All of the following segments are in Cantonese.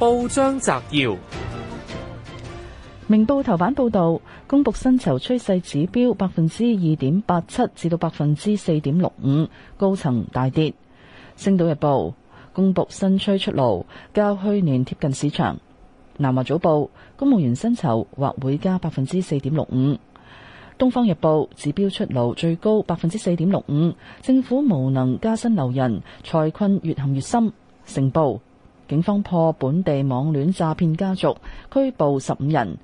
報章摘要：明報頭版報道，公布薪酬趨勢指標百分之二點八七至到百分之四點六五，高層大跌。星島日報，公布新趨出爐，較去年貼近市場。南華早報，公務員薪酬或會加百分之四點六五。東方日報，指標出爐最高百分之四點六五，政府無能加薪留人，財困越陷越深。成報。警方破本地網戀詐騙家族，拘捕十五人。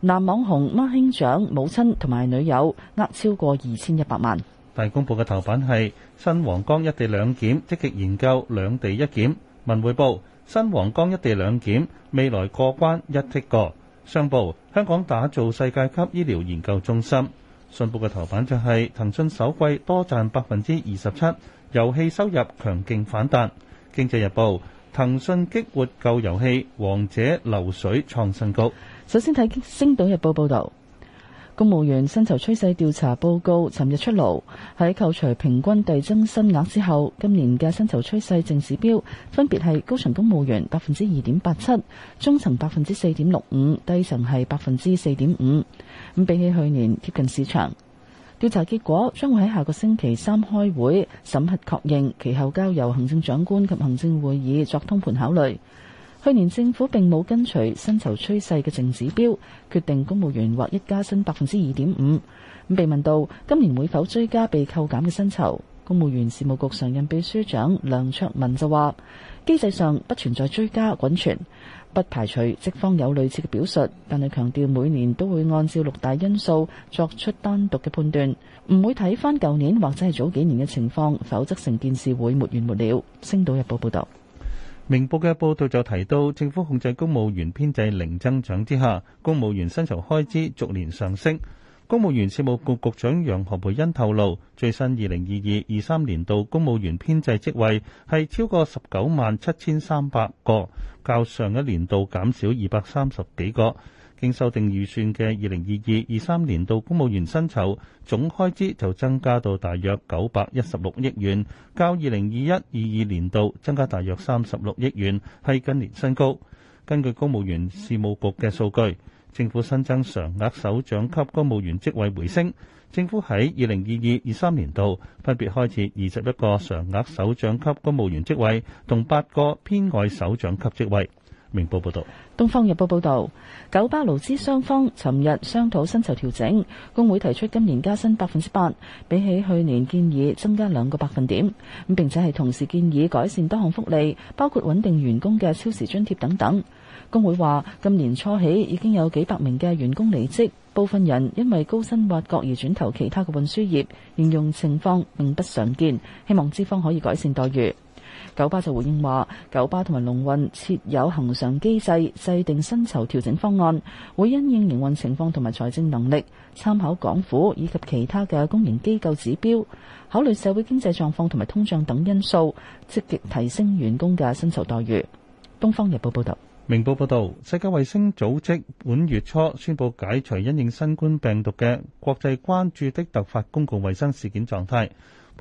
男網紅孖兄長、母親同埋女友，呃超過二千一百萬。大公報嘅頭版係新皇崗一地兩檢，積極研究兩地一檢。文匯報新皇崗一地兩檢未來過關一剔過。商報香港打造世界級醫療研究中心。信報嘅頭版就係騰訊首季多賺百分之二十七，遊戲收入強勁反彈。經濟日報。騰訊激活舊遊戲，王者流水創新局。首先睇《星島日報》報道，公務員薪酬趨勢調查報告尋日出爐。喺扣除平均遞增薪額之後，今年嘅薪酬趨勢正指標分別係高層公務員百分之二點八七，中層百分之四點六五，低層係百分之四點五。咁比起去年，貼近市場。調查結果將會喺下個星期三開會審核確認，其後交由行政長官及行政會議作通盤考慮。去年政府並冇跟隨薪酬趨勢嘅淨指標，決定公務員劃一加薪百分之二點五。被問到今年會否追加被扣減嘅薪酬，公務員事務局常任秘書長梁卓文就話機制上不存在追加滾存。不排除職方有類似嘅表述，但係強調每年都會按照六大因素作出單獨嘅判斷，唔會睇返舊年或者係早幾年嘅情況，否則成件事會沒完沒了。星島日報報道，明報嘅報導就提到，政府控制公務員編制零增長之下，公務員薪酬開支逐年上升。公務員事務局局長楊何蓓茵透露，最新二零二二、二三年度公務員編制職位係超過十九萬七千三百個，較上一年度減少二百三十幾個。經修訂預算嘅二零二二、二三年度公務員薪酬總開支就增加到大約九百一十六億元，較二零二一二二年度增加大約三十六億元，係近年新高。根據公務員事務局嘅數據。政府新增常額首長級公務員職位回升。政府喺二零二二二三年度分別開設二十一個常額首長級公務員職位同八個編外首長級職位。明報報道。東方日報報道，九巴勞資雙方尋日商討薪酬調整，工會提出今年加薪百分之八，比起去年建議增加兩個百分點，咁並且係同時建議改善多項福利，包括穩定員工嘅超時津貼等等。工會話，今年初起已經有幾百名嘅員工離職，部分人因為高薪挖角而轉投其他嘅運輸業，形容情況並不常見，希望資方可以改善待遇。九巴就回應話：九巴同埋龍運設有恒常機制，制定薪酬調整方案，會因應營運情況同埋財政能力，參考港府以及其他嘅公營機構指標，考慮社會經濟狀況同埋通脹等因素，積極提升員工嘅薪酬待遇。《東方日報》報道。《明報》報道，世界衛生組織本月初宣布解除因應新冠病毒嘅國際關注的突發公共衛生事件狀態。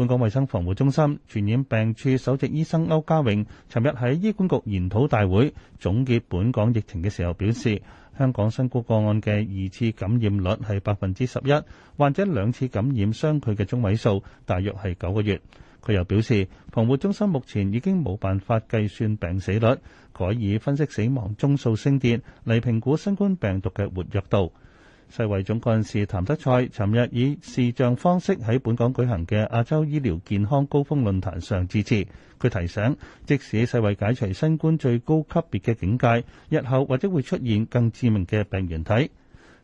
本港衛生防護中心傳染病處首席醫生歐家榮，尋日喺醫管局研討大會總結本港疫情嘅時候表示，香港新冠個案嘅二次感染率係百分之十一，患者兩次感染相距嘅中位數大約係九個月。佢又表示，防護中心目前已經冇辦法計算病死率，改以分析死亡宗數升跌嚟評估新冠病毒嘅活躍度。世衛總幹事譚德賽尋日以視像方式喺本港舉行嘅亞洲醫療健康高峰論壇上致辭。佢提醒，即使世衛解除新冠最高級別嘅警戒，日後或者會出現更致命嘅病原體。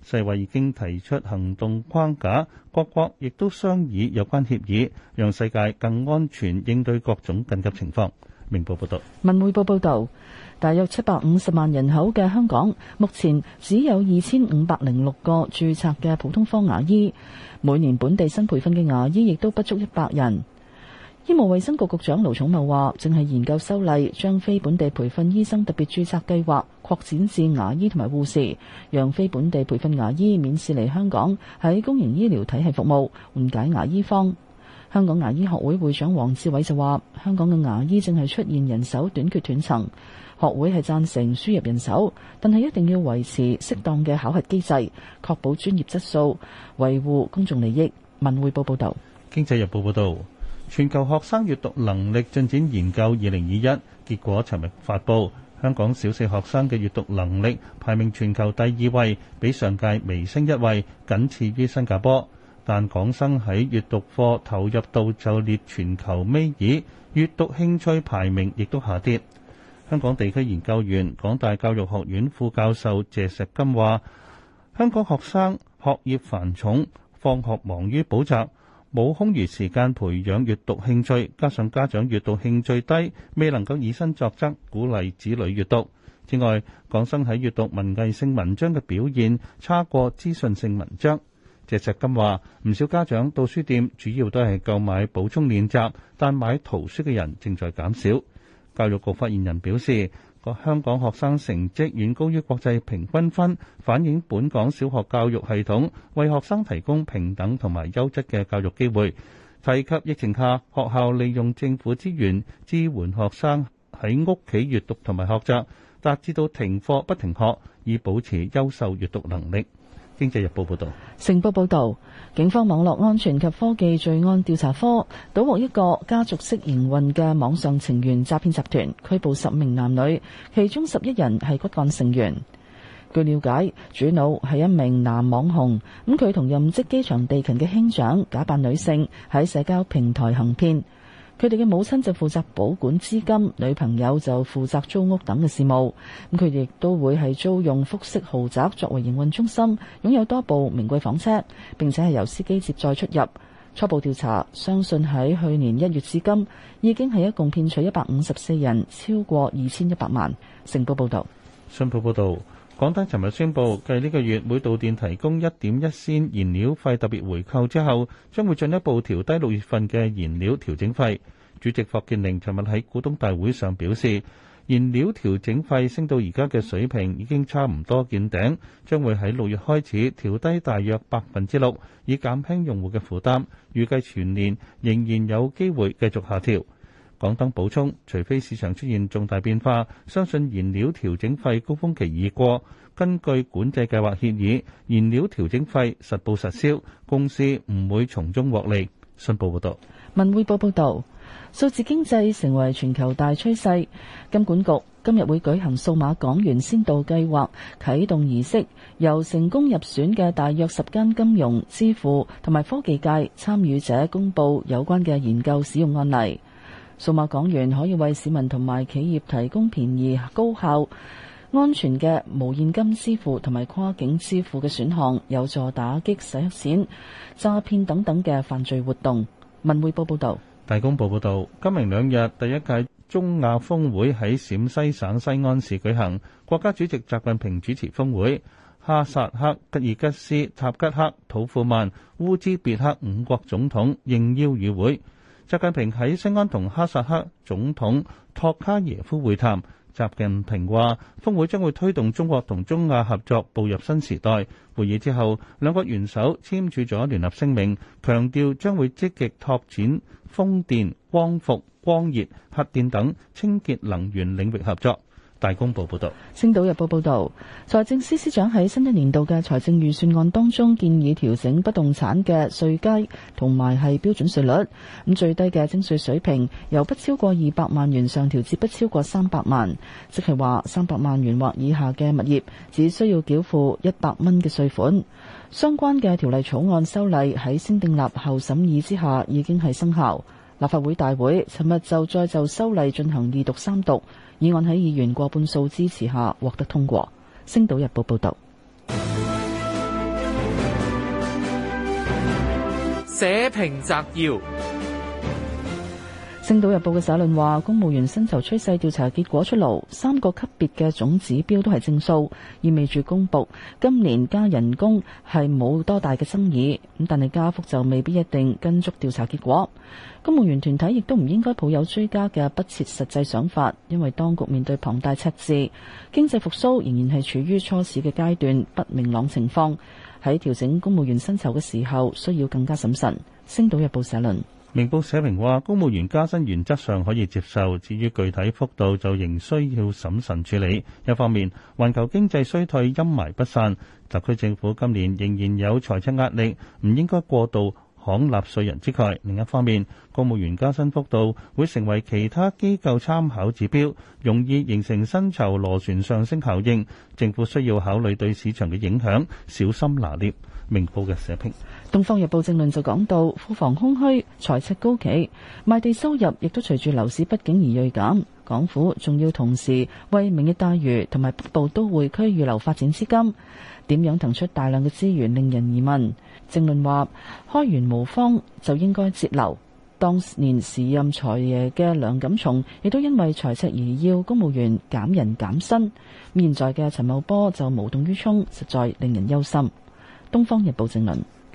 世衛已經提出行動框架，各國亦都商議有關協議，讓世界更安全應對各種緊急情況。明報報道，文匯報報道，大約七百五十萬人口嘅香港，目前只有二千五百零六個註冊嘅普通科牙醫，每年本地新培訓嘅牙醫亦都不足一百人。醫務衛生局局長盧寵茂話，正係研究修例，將非本地培訓醫生特別註冊計劃擴展至牙醫同埋護士，讓非本地培訓牙醫免試嚟香港喺公營醫療體系服務，緩解牙醫荒。香港牙醫學會會長黃志偉就話：香港嘅牙醫正係出現人手短缺斷層，學會係贊成輸入人手，但係一定要維持適當嘅考核機制，確保專業質素，維護公眾利益。文匯報報導，《經濟日報》報道，全球學生閱讀能力進展研究2021結果尋日發布，香港小四學生嘅閱讀能力排名全球第二位，比上屆微升一位，僅次於新加坡。但港生喺閱讀課投入度就列全球尾二，閱讀興趣排名亦都下跌。香港地區研究員、港大教育學院副教授謝錫金話：香港學生學業繁重，放學忙於補習，冇空餘時間培養閱讀興趣，加上家長閱讀興趣低，未能夠以身作則鼓勵子女閱讀。此外，港生喺閱讀文藝性文章嘅表現差過資訊性文章。謝石金話：唔少家長到書店主要都係購買補充練習，但買圖書嘅人正在減少。教育局發言人表示，各香港學生成績遠高於國際平均分，反映本港小學教育系統為學生提供平等同埋優質嘅教育機會。提及疫情下學校利用政府資源支援學生喺屋企閱讀同埋學習，達至到停課不停學，以保持優秀閱讀能力。經濟日報報道，成報報道，警方網絡安全及科技罪案調查科搗獲一個家族式營運嘅網上情緣詐騙集團，拘捕十名男女，其中十一人係骨幹成員。據了解，主腦係一名男網紅，咁佢同任職機場地勤嘅兄長假扮女性喺社交平台行騙。佢哋嘅母親就負責保管資金，女朋友就負責租屋等嘅事務。咁佢亦都會係租用複式豪宅作為營運中心，擁有多部名貴房車，並且係由司機接載出入。初步調查相信喺去年一月至今，已經係一共騙取一百五十四人，超過二千一百萬。成報報道。新報報道。港燈尋日宣布，繼呢個月每度電提供一點一仙燃料費特別回扣之後，將會進一步調低六月份嘅燃料調整費。主席霍建寧尋日喺股東大會上表示，燃料調整費升到而家嘅水平已經差唔多見頂，將會喺六月開始調低大約百分之六，以減輕用戶嘅負擔。預計全年仍然有機會繼續下調。港燈補充，除非市場出現重大變化，相信燃料調整費高峰期已過。根據管制計劃協議，燃料調整費實報實銷，公司唔會從中獲利。信報報道。文匯報報道，數字經濟成為全球大趨勢。金管局今日會舉行數碼港元先導計劃啟動儀式，由成功入選嘅大約十間金融、支付同埋科技界參與者公佈有關嘅研究使用案例。數碼港元可以為市民同埋企業提供便宜、高效、安全嘅無現金支付同埋跨境支付嘅選項，有助打擊洗錢、詐騙等等嘅犯罪活動。文匯報報道。《大公報》報道，今明兩日第一屆中亞峰會喺陝西省西安市舉行，國家主席習近平主持峰會，哈薩克、吉爾吉斯、塔吉克、土庫曼、烏茲別克五國總統應邀與會。習近平喺西安同哈薩克總統托卡耶夫會談，習近平話，峰會將會推動中國同中亞合作步入新時代。會議之後，兩國元首簽署咗聯合聲明，強調將會積極拓展風電、光伏、光熱、核電等清潔能源領域合作。大公報報道，《星島日報》報道，財政司司長喺新一年度嘅財政預算案當中，建議調整不動產嘅稅階同埋係標準稅率。咁最低嘅徵稅水平由不超過二百萬元上調至不超過三百萬，即係話三百萬元或以下嘅物業只需要繳付一百蚊嘅稅款。相關嘅條例草案修例喺先訂立後審議之下，已經係生效。立法會大會，尋日就再就修例進行二讀三讀，議案喺議員過半數支持下獲得通過。《星島日報》報道。社評摘要。《星島日報》嘅社論話：公務員薪酬趨勢調查結果出爐，三個級別嘅總指標都係正數，意味住公佈今年加人工係冇多大嘅爭議。咁但係加幅就未必一定跟足調查結果。公務員團體亦都唔應該抱有追加嘅不切實際想法，因為當局面對龐大赤字，經濟復甦仍然係處於初始嘅階段，不明朗情況喺調整公務員薪酬嘅時候，需要更加審慎。《星島日報》社論。明報社評話，公務員加薪原則上可以接受，至於具體幅度就仍需要審慎處理。一方面，環球經濟衰退陰霾不散，特區政府今年仍然有財政壓力，唔應該過度。講納稅人之概，另一方面，公務員加薪幅度會成為其他機構參考指標，容易形成薪酬螺旋上升效應。政府需要考慮對市場嘅影響，小心拿捏。明報嘅社評，《東方日報政論》就講到：庫房空虛，財赤高企，賣地收入亦都隨住樓市不景而鋭減。港府仲要同時為明日大嶼同埋北部都會區預留發展資金，點樣騰出大量嘅資源令人疑問。政論話開源無方，就應該截流。當年時任財爺嘅梁錦松，亦都因為財赤而要公務員減人減薪。咁現在嘅陳茂波就無動於衷，實在令人憂心。《東方日報》政論。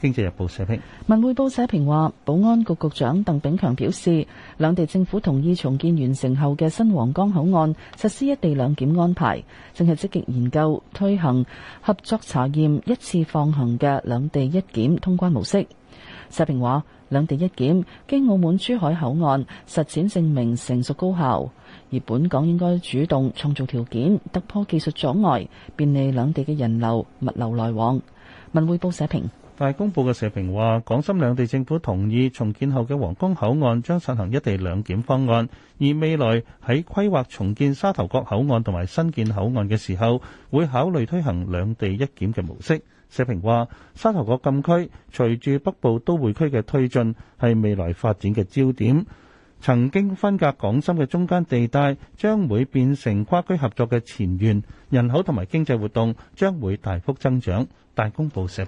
經濟日報社評文匯報社評話，保安局局長鄧炳強表示，兩地政府同意重建完成後嘅新皇崗口岸實施一地兩檢安排，正係積極研究推行合作查驗一次放行嘅兩地一檢通關模式。社評話，兩地一檢經澳門珠海口岸實踐證明成熟高效，而本港應該主動創造條件，突破技術障礙，便利兩地嘅人流物流來往。文匯報社評。大公報嘅社評話：港深兩地政府同意重建後嘅皇崗口岸將實行一地兩檢方案，而未來喺規劃重建沙頭角口岸同埋新建口岸嘅時候，會考慮推行兩地一檢嘅模式。社評話：沙頭角禁區隨住北部都會區嘅推進，係未來發展嘅焦點。曾經分隔港深嘅中間地帶將會變成跨區合作嘅前沿，人口同埋經濟活動將會大幅增長。大公報社評。